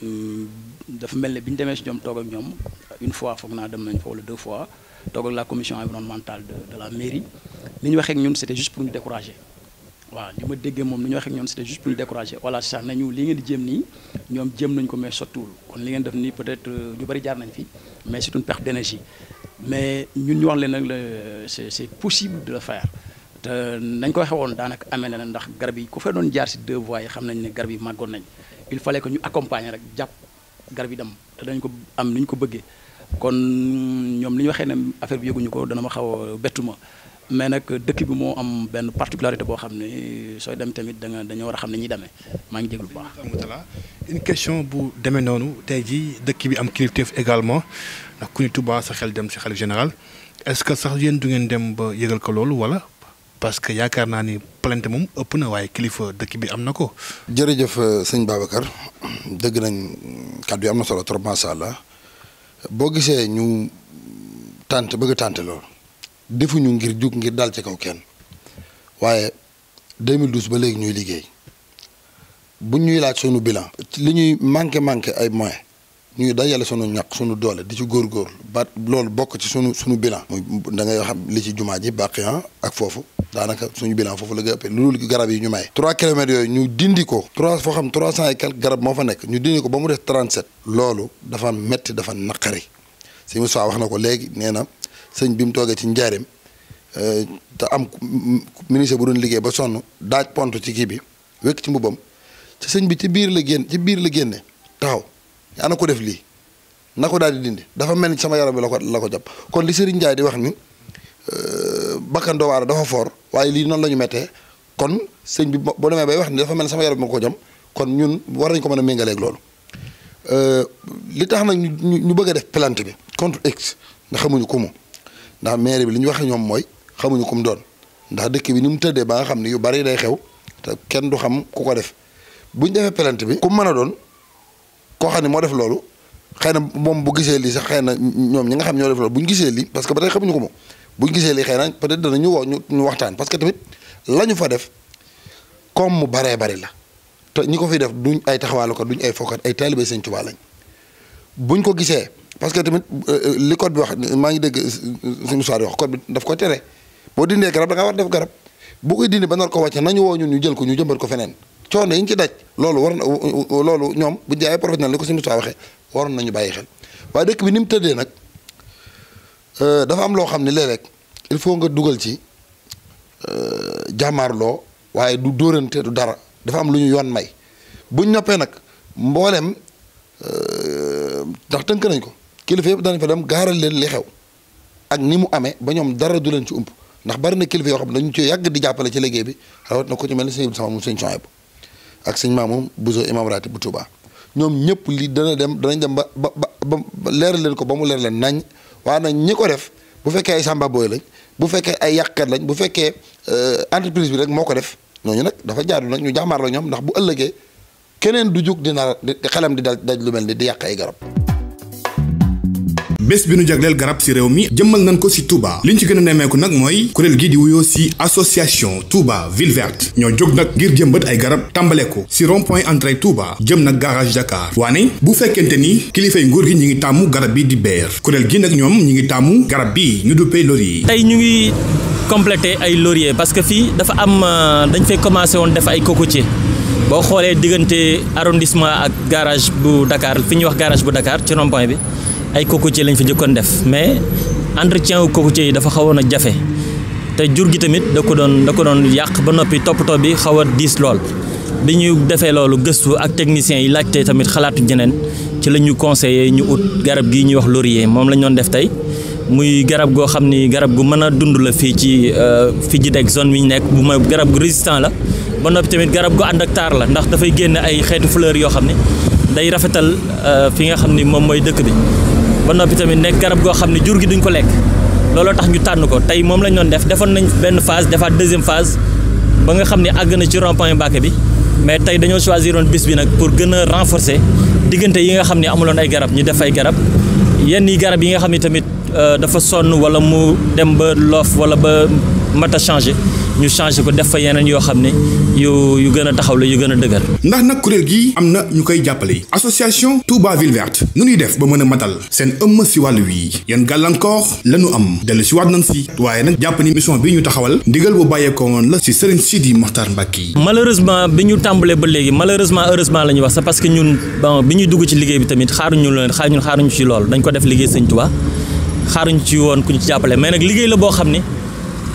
mm, dafa mel ne bi ñu demee si ñoom toog ak ñoom une fois foog naa dem nañ foo wala deux fois. toog ak la commission environnementale de de la mairie li ñu waxee ak ñun c'était juste pour ñu décourager waaw li ma déggee moom li ñu waxee ak ñun c'était juste pour ñu décourager voilà sax nañu li ngeen jéem nii ñoom jéem nañ ko mais sottiwul kon li ngeen def nii peut-être euh, ñu bari jaar nañ fi mais c'est une perte d'énergie mais ñun ñu wax leen nag c'est c'est possible de le faire te nañ ko waxee daanaka amee ne na ndax garab yi ku fee doon jaar ci deux voies yi nañ ne garab yi màggoon nañ il fallait que ñu accompagner rek jàpp garab yi dem dañ ko am ni ko bëggee kon ñoom li ñu waxee ne affaire bi yëguñu ko dana ma xaw a mais nag dëkk bi moo am benn particularité boo xam ne sooy dem tamit da nga dañoo war a xam ne ñuy demee maa ngi jéglu bu baax. une question bu demee noonu tey jii dëkk bi am kilifteef également ndax ku ñu Touba sa xel dem si xalif général est ce que sax yéen du ngeen dem ba yëgal ko loolu wala parce que yaakaar naa ni plainte moom ëpp na waaye kilifa dëkk bi am na ko. jërëjëf sëñ Babacar dëgg nañ kàddu yi am solo trop macha allah. boo gisee ñu tànt bëgg a tànt loolu defuñu ngir jug ngir dal ci kaw kenn waaye 2012 ba léegi ñuy liggéey bu ñuy laaj sunu bilan. li ñuy manqué manqué ay moyens ñuy dajale sunu ñaq sunu doole di ci góorgóorlu ba loolu bokk ci sunu sunu bilan. da ngay xam li ci jumaa ji Baqiyan ah, ak foofu daanaka suñu bilan foofu la gën a ëppee loolu garab yi ñu maye. 3 kilomètres yooyu ñu dindi ko. 3 foo xam 300 et quelques garab moo fa nekk ñu dindi ko ba mu def 37. loolu dafa metti dafa naqari si mu Moussa wax na ko léegi nee na sëñ bi mu toggee ci njaareem euh, te am miniser bu doon liggéey ba sonn daaj pont ci kii bi wekk ci mbubam ci sëñ bi ci biir la génn ci biir la génne taxaw. ana ko def lii na ko daal di dindi dafa mel ni sama yaram bi la ko la jàpp kon li Serigne jaay di wax ni euh, bakkan doomu aadama dafa foor waaye lii noonu lañu ñu kon sëñ bi boo demee bay wax ni dafa mel ni sama yaram bi ma ko jam kon ñun war nañ ko mën a méngaleeg loolu euh, li tax nag ñu ñu bëgg a def plante bi contre x ndax xamuñu ko mu ndax maire bi li ñu wax ñoom mooy xamuñu ko doon ndax dëkk bi ni mu tëddee ba nga xam ne yu bari day xew te kenn du xam ku ko def buñ defee plante bi ku mën a doon. koo xam ne moo def loolu xëy na moom bu gisee lii sax xëy na ñoom ñi nga xam ñoo def loolu bu ñu gisee lii parce que ba tey xamuñu ko moom bu ñu gisee lii xëy na peut-être danañu wax ñu waxtaan parce que tamit la ñu fa def comme mu baree bari la te ñi ko fi def duñ ay taxawaalu duñ ay fokkat ay taalibe Sëñ Tuubaa lañ buñ ko gisee parce que tamit euh, euh, li code bi wax maa ngi dégg euh, suñu soir wax code bi daf ko tere boo dindee garab da ngaa war def garab boo koy dindi ba nar ko wàcce nañu woo ñun ñu jël ko ñu jëmbat ko feneen coono yi ñu ci daj loolu war na loolu ñoom bu jaayee professionnel ni ko suñu saa waxee waroon nañu bàyyi xel waaye dëkk bi ni mu tëddee nag euh, dafa am loo xam ne léeg rek il faut nga dugal ci euh, jàmmaarloo waaye du dóorante du dara dafa am lu ñu yoon may buñ noppee nag mbooleem euh, ndax tënk nañ ko kilifa yëpp danañ fa dem gaaral leen li xew ak ni mu amee ba ñoom dara du leen ci ump ndax bari na kilifa yoo xam ne dañu ci yàgg di jàppale ci liggéey bi rawat na ko ci mel ni sëñ bi sama mu sëñ ak sëñ Maamu Buso imam raati bu Touba ñoom ñëpp lii dana dem danañ dem ba ba ba leer leen ko ba mu leer leen nañ waaye nañ ñi ko def bu fekkee ay sàmba booy lañ bu fekkee ay yàqkat lañ bu fekkee euh, entreprise bi rek moo ko def ñooñu nag dafa jaadu nag ñu jàmmaar la ndax bu ëllëgee keneen du jóg di nar xelam di daj lu mel ni di yàq ay garab bés bi nu jagleel garab si réew mi jëmmal nañ ko si Touba liñ ci gën a nemmeeku nag mooy kuréel gi di wuyoo si association Touba ville verte ñoo jóg nag ngir jëmbat ay garab tàmbale ko si rond point Touba jëm nag garage Dakar waane bu fekkente ni kilifay nguur gi ñi ngi tàmmu garab bi di beer kuréel gi nag ñoom ñu ngi tàmmu garab bi ñu duppee laurier tey ñu ngi complété ay laurier parce que fii dafa am euh, dañ fay commencé woon def ay cocotier boo xoolee diggante arrondissement ak garage bu Dakar fi ñuy wax bu Dakar ci rond point bi ay cocotier lañ fa jëkkoon def mais entretien wu cocotier yi dafa xawoon a jafe te jur gi tamit da ko doon da ko doon yàq ba noppi toppatoo bi xaw a diis lool bi ñu defee loolu gëstu ak techniciens yi laajte tamit xalaatu jeneen ci la ñu conseillé ñu ut garab gii ñuy wax lorier moom lañ doon def tey muy garab goo xam ni garab gu mën a dund la fii ci euh, fii ji deg zone bi ñu nekk bu ma garab gu résistant la ba noppi tamit garab gu ànd ak taar la ndax dafay génn ay xeetu fleur yoo xam ne day rafetal euh, fi nga xam ni moom mooy dëkk bi ba noppi tamit nekk garab goo xam ne jur gi duñ ko lekk looloo tax ñu tànn ko tey moom lañ doon def defoon nañ benn phase defaat deuxième phase ba nga xam ni àgg na ci rond-point bi mais tey dañoo choisir woon bis bi nag pour gën a renforcer diggante yi nga xam ne amuloon ay garab ñu def ay garab yenn yi garab yi nga xam ne tamit euh, dafa sonn wala mu dem ba loof wala ba mat a ñu changé ko def fa yeneen yoo xam ne yu gën a taxaw la yu gën a dëgër. ndax nag kuréel gii am na ñu koy jàppale. association Touba Ville Verte nu nuy def ba mën a matal seen ëmm si wàll wii yan gàllankoor la ñu am dellu si waat nañ si waaye nag jàpp ni mission bi ñu taxawal ndigal bu bàyyeekoo woon la si Serigne Sidi Mokhtar Mbacke. malheureusement bi ñu tàmbalee ba léegi malheureusement heureusement la ñuy wax sax parce que ñun bon bi ñuy ci liggéey bi tamit xaaruñu leen xaar ñun xaaruñu ci dañ ko def liggéey Sëñ Touba xaaruñ ci woon ku ci jàppale nag liggéey la boo xam ne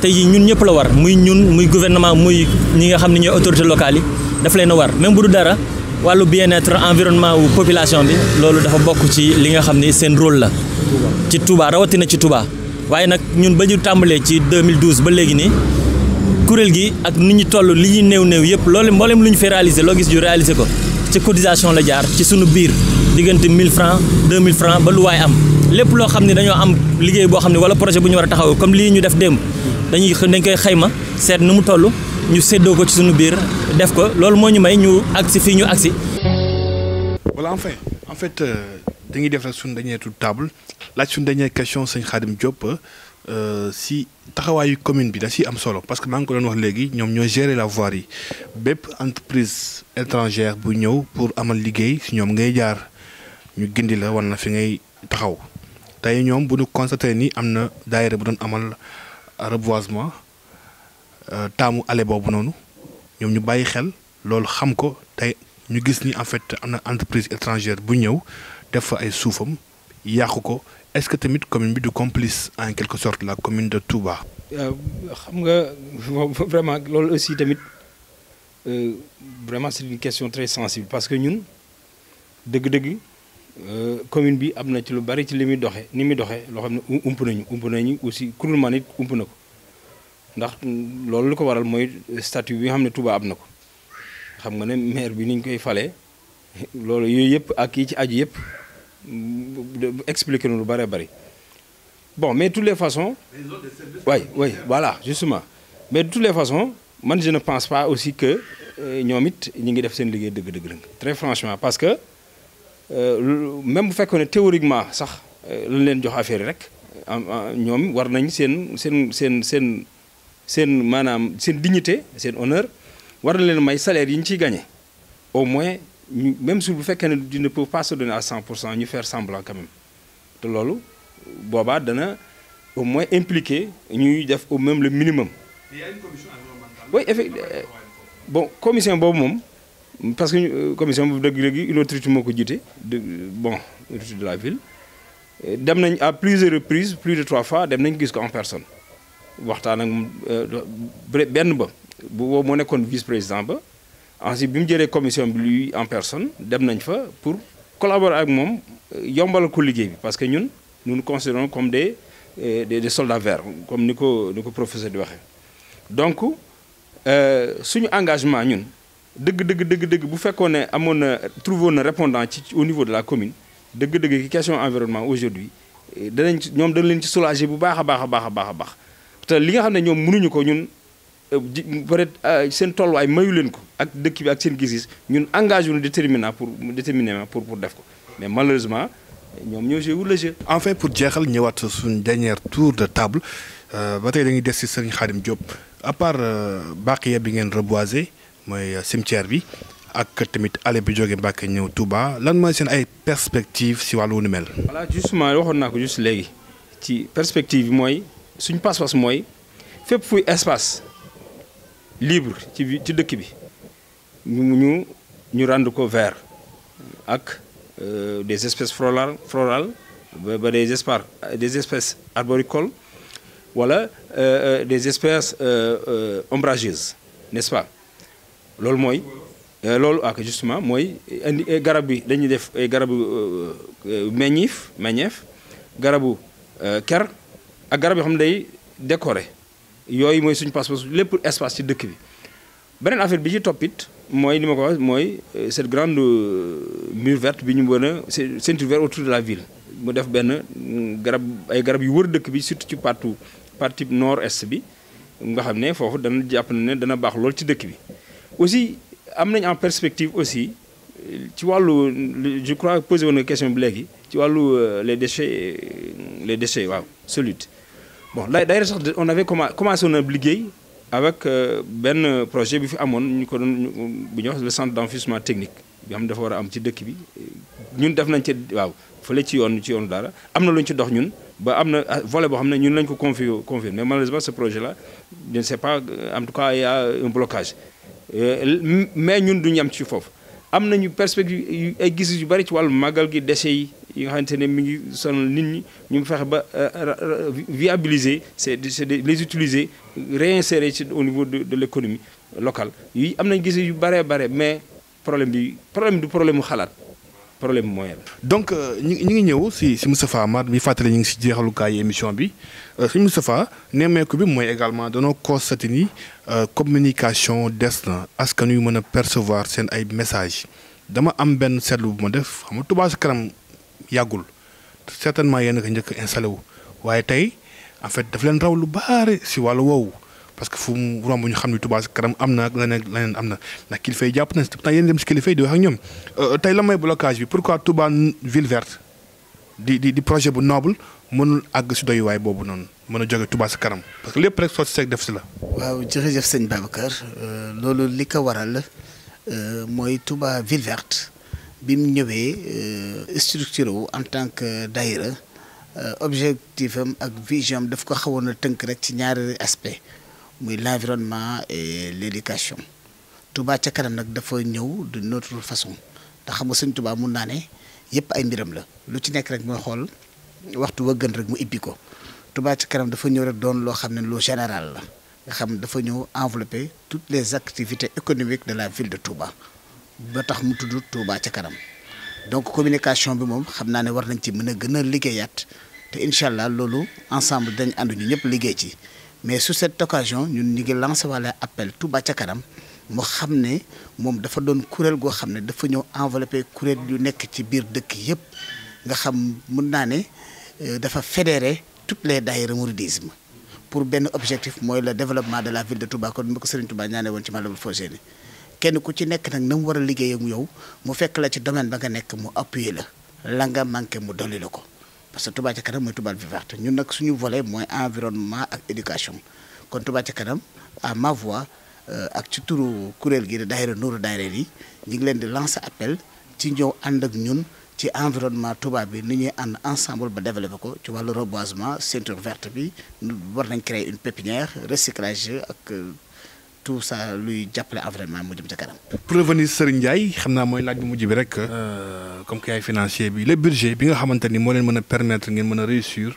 tey jii ñun ñëpp la war muy ñun muy gouvernement muy ñi nga xam ne ñooy autorités locales yi daf leen a war même bu du dara wàllu bien-être environnement wu population bi loolu dafa bokk ci li nga xam ne seen rôle la. ci Touba rawatina ci Touba waaye nag ñun ba ñu tàmbalee ci 2012 ba léegi nii kuréel gi ak ni ñu toll li ñuy néew-néew yëpp loole mboolem lu ñu fi réaliser loo gis ñu réaliser ko. ci cotisation la jaar ci sunu biir diggante 1000 francs mille francs ba lu waay am lépp loo xam ne dañoo am liggéey boo xam ne wala projet bu ñu war a taxaw comme lii ñu def démb dañuy dañ koy xayma seet nu mu toll ñu séddoo ko ci sunu biir def ko loolu moo ñu may ñu agsi fii ñu agsi voilà enfin en fait euh, dañuy def rek suñu dernier tour table laaj suñu dernière question sëñ Khadim Diop Euh, si taxawaayu commune bi da si am solo parce que maa ngi ko doon wax léegi ñoom ñoo gérer la voirie yi bépp entreprise étrangère bu ñëw pour amal liggéey si ñoom ngay jaar ñu gindi la war na fi ngay taxaw tey ñoom bu ñu constaté ni am na daayira bu doon amal reboisement euh, taamu ale boobu noonu ñoom ñu bàyyi xel loolu xam ko tey ñu gis ni en fait am na entreprise étrangère bu ñëw def fa ay suufam yàqu ko est-ce que tamit commune bi du complice en quelque sorte la commune de Touba. Euh, xam nga vraiment loolu aussi tamit euh, vraiment c'est une question très sensible parce que ñun dëgg-dëgg euh, commune bi am na ci lu bari ci li muy doxee ni muy doxee loo xam ne ump nañu ump nañu aussi kuréelman it ump na ko ndax loolu lu ko waral mooy statut bi xam ne tubaa am na ko xam nga ne maire bi ni ñu koy fale loolu yooyu yëpp ak yi ci aju yëpp. expliqué nu lu bëree bëri bon mais de toutes les façons oui oui voilà justement mais de les façons man je ne pense pas aussi que euh, ñoom it ñu ngi def seen liggéey dëgg-dëgg dëgg très franchement parce que euh, même bu fekkoon ne théoriquement sax euh, lañ leen jox affaire yi rek ñoom war nañ seen seen seen seen seen maanaam seen dignité seen honneur war na leen may salaire yi ñu ciy gagné ñu même su bu fekkee ne du ne peut pas se donner à 100 pour cent ñu faire semblant quand te loolu boobaa dana au moins impliqué ñuy def au même le minimum. mais y commission bon commission boobu moom. parce que euh, commission bu dëgg-dëgg une autorité moo ko jiite de bon autorité de la ville dem nañ à plusieurs reprises plus de trois fois dem nañ gis ko en personne waxtaan ak euh, benn ba bu boobu moo nekkoon vice président ba. ensuite bi mu jëlee commission bi lui en personne dem nañ fa pour collaborer ak moom euh, yombal ko liggéey bi parce que ñun nous nous considérons comme des euh, des des soldats verts comme ni ko ni ko professeur di waxee donc euh, suñu engagement ñun dëgg dëgg dëgg dëgg bu fekkoon ne amoon na trouvé na répondant ci au niveau de la commune dëgg-dëgg ki question environnement aujourd'hui danañ ci ñoom dana leen ci soulager bu baax a baax a baax a baax te li nga xam ne ñoom mënuñu ko ñun. Euh, peut être euh, seen tolluwaay mayu leen ko ak dëkk bi ak seen gis ñun ñun engagé wuñu déterminant pour déterminément pour pour def ko mais malheureusement ñoom ñoo joué le jeu. enfin pour jeexal ñëwaat suñ dernier tour de table euh, ba tey dañuy des si Serigne Khadim Diop à part bàqiya bi ngeen reboiser mooy cimetière bi ak tamit ale bi jóge Mbàkke ñëw Touba lan mooy seen ay perspective si wàllu nu mel. voilà justement waxoon naa ko juste léegi ci perspective bi mooy suñ pas mooy fépp fuy espace. libre ci bi ci dëkk bi ñu ñu ñu rendre ko vert ak euh, des espèces florales florales ba des espar des espèces arboricoles wala euh, euh, des espèces ombrageuses n'est-ce pas loolu mooy loolu ak ah, justement mooy indi garab bi dañuy def ay garabu meññiif meññeef garabu ker ak garab yoo xam ne day décorer yooyu mooy suñu passeport lépp espace ci dëkk bi beneen affaire bi ci toppit mooy ni ma ko mooy euh, cette grande euh, mur verte bi ñu mën a ceinture verte autour de la ville mu def benn mm, garab ay garab yu wër dëkk bi surtout ci partout partie nord est bi nga xam ne foofu dana jàpp na ne dana baax lool ci dëkk bi aussi am nañ en perspective aussi euh, ci wàllu je crois posé woon nga question bi léegi ci wàllu les déchets les déchets waaw solides bon d'ailleurs sax on avait commencé on a liggéey avec euh, benn projet bi fi amoon ñu ko doon bu ñuy wax le centre d'enfouissement technique bi xam dafa war a am ci dëkk bi ñun def nañ ci waaw fale ci yoon ci yoon dara am na lu ñu ci dox ñun ba am na ah, vole boo xam ne ñun lañ ko confié confié mais malheureusement ce projet là je ne sais pas en tout cas il y un blocage euh, mais ñun du duñu am ci foofu am na ñu perspective ay gis yu bari ci wàllu màggal gi déchets yi yi nga xamante ne mi ngi sonal nit ñi ñu fexe ba euh, viabiliser c'est de les utiliser réinsérer ci au niveau de de l'économie locale yi am nañ gis yu baree bare mais problème bi problème du problème mu xalaat problème moyen donc euh, ñu ngi ñëw si si Moustapha Amar bi fàttali ñu ngi si jeexalukaay émission bi. Euh, suñu Moustapha nemmeeku bi mooy également danoo constaté ni euh, communication des na askan yu mën a percevoir seen ay message dama am benn seetlu bu ma def xam nga Touba ca kanam yàggul certainement yéen a ko njëkk installé wu waaye tey en fait daf leen raw lu baare si wàllu woowu parce que fu mu romb ñu xam ni Touba karam am na leneen leneen am na ndax kilifa yi jàpp na si pourtant yéen dem si kilifa yi di wax ak ñoom euh, tey la may blocage bi pourquoi Touba ville verte. di di projet bu noble mënul àgg si doyuwaay boobu noonu mën a jóge Touba ca kanam parce que lépp rek soo ci def si la. waaw jërëjëf sëñ Babacar euh, loolu li ko waral euh, mooy Touba ville verte bi mu ñëwee euh, structure wu en tant que daïra objectif am ak vision am daf ko xawoon a tënk rek ci ñaari aspect muy l'environnement et l'éducation Touba ca kanam nag dafa ñëw d'une autre façon te xam nga sëñ Touba mun naa ne. yëpp ay mbiram la lu ci nekk rek mooy xool waxtu wa gën rek mu ibbi ko Touba ci kanam dafa ñëw rek doon loo xam ne lu général la nga xam dafa ñëw enveloppé toutes les activités économiques de la ville de Touba ba tax mu tudd Touba ci kanam donc communication bi moom xam naa ne war nañ ci mën a gën a liggéeyaat te incha allah loolu ensemble dañ ànd ñu ñëpp liggéey ci mais su cette occasion ñu ñu ngi lancé wala appel Touba ca kanam mu xam ne moom dafa doon kuréel goo xam ne dafa ñëw enveloppé kuréel yu nekk ci biir dëkk yëpp nga xam mun naa ne euh, dafa fédéré toutes les daayira mouridisme pour benn objectif mooy le développement de la ville de Touba kon ma ko Serigne Touba ñaanee woon ci Matlabul Fawzeyni kenn ku ci nekk nag na mu war a liggéey mu yow mu fekk la ci domaine ba nga nekk mu appuyer la la nga manqué mu dolli la ko parce que Touba ca kanam mooy Touba vivante ñun nag suñu volet mooy environnement ak éducation kon Touba ca kanam à ma voix Euh, ak ci turu kuréel gi di daayira Nuuru Daarayni yi ñu ngi leen di lancer appel ci ñëw ànd ak ñun ci environnement tubaab bi ni ñuy ànd ensemble ba développé ko ci wàllu reboisement ceinture verte bi war nañ créer une pépinière recyclage ak euh, tout ça luy jàppale environnement mu jëm ci kanam. pour revenir Serigne naa mooy laaj bu mujj bi rek. Euh, comme que yaay financier bi le budget bi nga xamante ni moo leen mën a permettre ngeen mën a réussir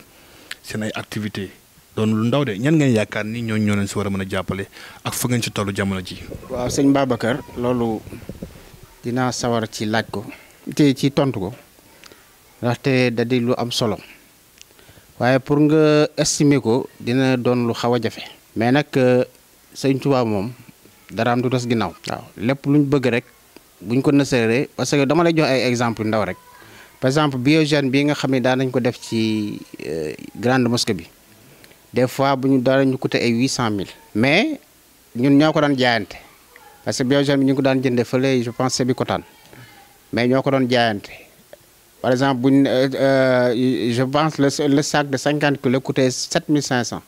seen ay activités. doon lu ndaw de ñan ngeen yaakaar ni ñooñu ñoo leen si war a mën a jàppale ak fa ngeen ci tollu jamono ji. waaw sëñ Babacar loolu dinaa sawar ci laaj ko te ci tontu ko ndaxte da di lu am solo waaye pour nga estimer ko dina doon lu xaw a jafe. mais nag euh, sëñ Tuubaa moom dara daraam du des ginnaaw. waaw lépp luñ bëgg rek buñ ko nësëree parce que dama lay jox ay exemple ndaw rek par exemple biogène bii nga xam ne daan nañ ko def ci euh, grande mosquée bi. des fois bu ñu dara ñu coûté ay huit cent mille. mais ñun ñoo ko doon jaayante parce que biogène bi ñu ko daan jëndee fële je pense Sébikotane mais ñoo ko doon jaayante par exemple bu ñu euh, euh, je pense le le sac de cinquante kilos coûté sept mille cinq cent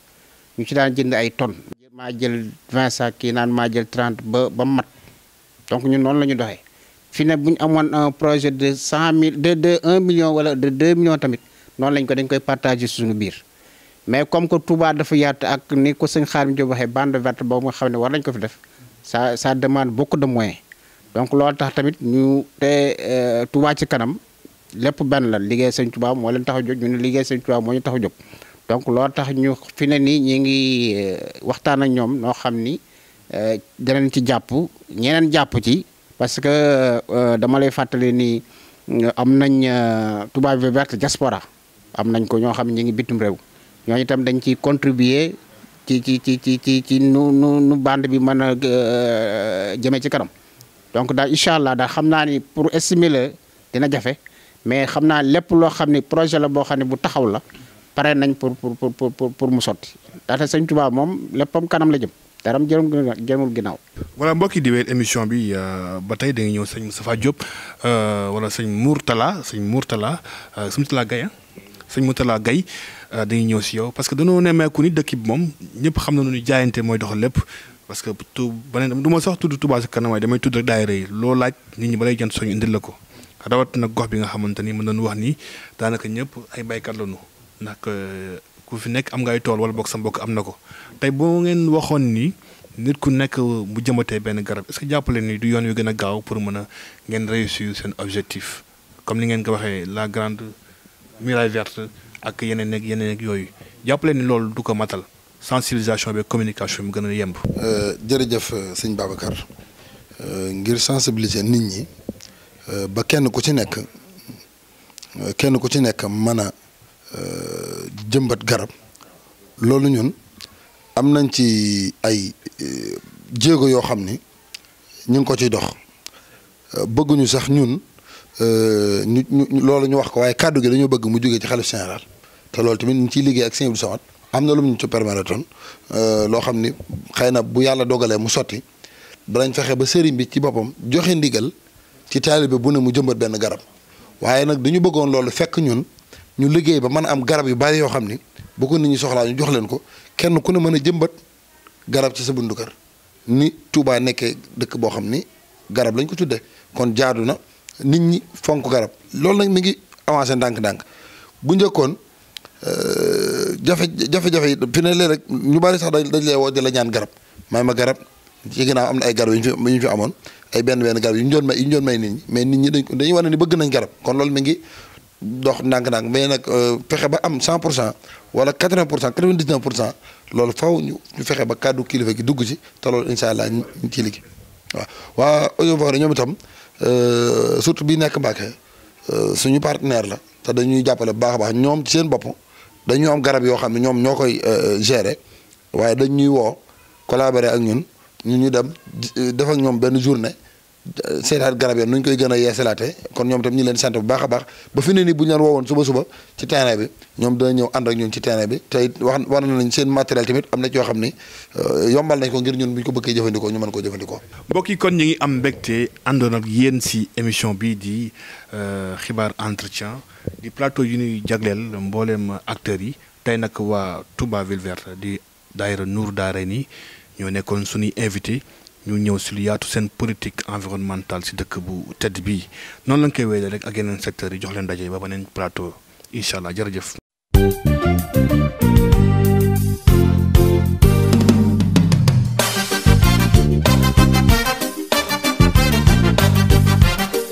ñu ci daan jënd ay tonnes. maa jël vingt sacs kii naan maa jël trente ba ba mat donc ñun noonu la ñu doxee fii nag bu ñu amoon un projet de cent mille de de un million wala de deux millions tamit noonu lañ ko dañ koy partager suñu biir. mais comme que tubaa dafa yaatu ak ni ko sëñ Xaadim Jóob waxee bande verte boobu nga xam ne war nañ ko fi def sa ça demande beaucoup de moyens donc loolu tax tamit ñu te euh, tubaa ci kanam lépp benn la liggéey sëñ Touba moo leen tax a jóg ñu liggéey sëñ Touba moo ñu tax a donc loolu tax ñu fi ne nii ñi ngi euh, waxtaan ak ñoom noo xam ni euh, danañ ci jàpp ñeneen jàpp ci parce que dama lay fàttali ni am nañ Touba vert diaspora am nañ ko ñoo xam ne ñi ngi bitim réew ñooñu itam dañ ciy contribuer ci ci ci ci ci ci nu nu nu band bi mën a euh, jëmee ci kanam donc daal incha allah daal xam naa ni pour estimer la dina jafe mais xam naa lépp loo xam ni projet la boo xam ne bu taxaw la pare nañ pour pour pour pour mu sotti daata sañ Tuubaa moom léppam kanam la jëm. dara mu jëmul ginnaaw. voilà mbokki diweel émission bi euh, ba tey da nga ñëw sëñ Moustapha Diop euh, wala sëñ Mourtala sëñ Mourtala sëñ Mourtala Gaye sëñ Mourtala Gaye Euh, dañuy ñëw si yow parce que dañoo nemmeeku ni dëkk bi moom ñëpp xam nañu ni jaayante mooy doxal lépp parce que tu beneen du ma sox tudd Touba ca kanam damay tudd rek daayira yi loo laaj nit ñi balay jant ñu indi la ko rawat nag gox bi nga xamante ni mën nañu wax nii daanaka ñëpp ay baykat la ñu ndax euh, ku fi nekk am ngay tool wala bokk sa mbokk am na ko tey boo ngeen waxoon nii nit ku nekk bu jëmatee benn garab est-ce que jàppale ni du yoon wi gën a gaaw pour mën a ngeen réussir seen objectif comme ni ngeen ko waxee la grande muraille verte ak yeneen ak yeneen yooyu jàppale ni loolu du ko matal sensibilisation bi communication mu gën a yemb. Euh, jërëjëf euh, sëñ Babacar euh, ngir sensibiliser nit ñi ba kenn ku ci nekk kenn ku ci nekk mën a jëmbat garab loolu ñun am nañ ci ay jéego yoo xam ni ñu ngi ko ciy dox bëgguñu sax ñun. ñu ñu loolu ñu wax ko waaye kàddu gi dañoo bëgg mu jógee ci xalif général te loolu tamit ñu ciy liggéey ak sëñ Abdou Samad am na lu mu ñu ci permettre ton euh, loo xam ni xëy na bu yàlla dogalee mu sotti ba danañ fexe ba sëriñ bi ci boppam joxe ndigal ci taalibe bu ne mu jëmbat benn garab waaye nag dañu bëggoon loolu fekk ñun ñu liggéey ba mën a am garab yu bari yoo xam ni bu ko nit ñi soxlaa ñu jox leen ko kenn ku ne mën a jëmbat garab ci sa bundu kër ni tuubaa nekkee dëkk boo xam ni garab lañ ko tuddee kon jaadu na nit ñi fonk garab loolu nag mi ngi avancé ndànk-ndànk njëkkoon Euh, jafe jafe-jafe yi fi ne léeg rek ñu bari sax dañ lay woo di la ñaan garab may ma garab ci naa am na ay garab yu ñu fi ñu fi amoon ay benn benn garab yu ñu doon may may nit ñi mais nit ñi dañ dañuy wane ni bëgg nañ garab kon loolu mi ngi dox ndànk-ndànk mais nag euh, fexe ba am cent pour cent wala 80 pour cent 99 pour cent loolu faw ñu ñu fexe ba kàddu kilifa ki dugg ci te loolu incha allah ñu ci liggéey waaw. waa Eaux et Forêts ñoom itam euh, surtout bi nekk Mbacke suñu partenaire la te dañuy jàppale bu baax a ñoom ci seen bopp. dañu am garab yoo xam ne ñoom ñoo koy euh, euh, gérer waaye dañ ñuy woo collaborer ak ñun ñu ñu dem euh, def ak ñoom benn journée seetaat garab ya nu ñu koy gën a yeesalaate kon ñoom tam ñu leen sant bu baax a baax ba fi ne nii bu ñu leen woowoon suba suba ci terrain bi ñoom dana ñëw ànd ak ñun ci terrain bi tey wax wax war nañ seen matériel tamit am na ci yoo xam ni euh, yombal nañ ko ngir ñun bu ñu ko bëggee jëfandikoo ñu mën koo jëfandikoo. mbokk yi kon ñu ngi am mbégte àndoon ak yéen si émission bii di euh, xibaar entretien di plateau yu ñuy jagleel mbooleem acteurs yi tey nag waa tubaab Ville Verte di daayira Nour Daarayni ñoo nekkoon suñuy invité ñu ñëw si lu yaatu seen politique environnementale si dëkk bu tedd bi noonu lañ koy wéyale rek a yeneen secteurs yi jox leen daje ba beneen plateau incha jarajëf jërëjëf.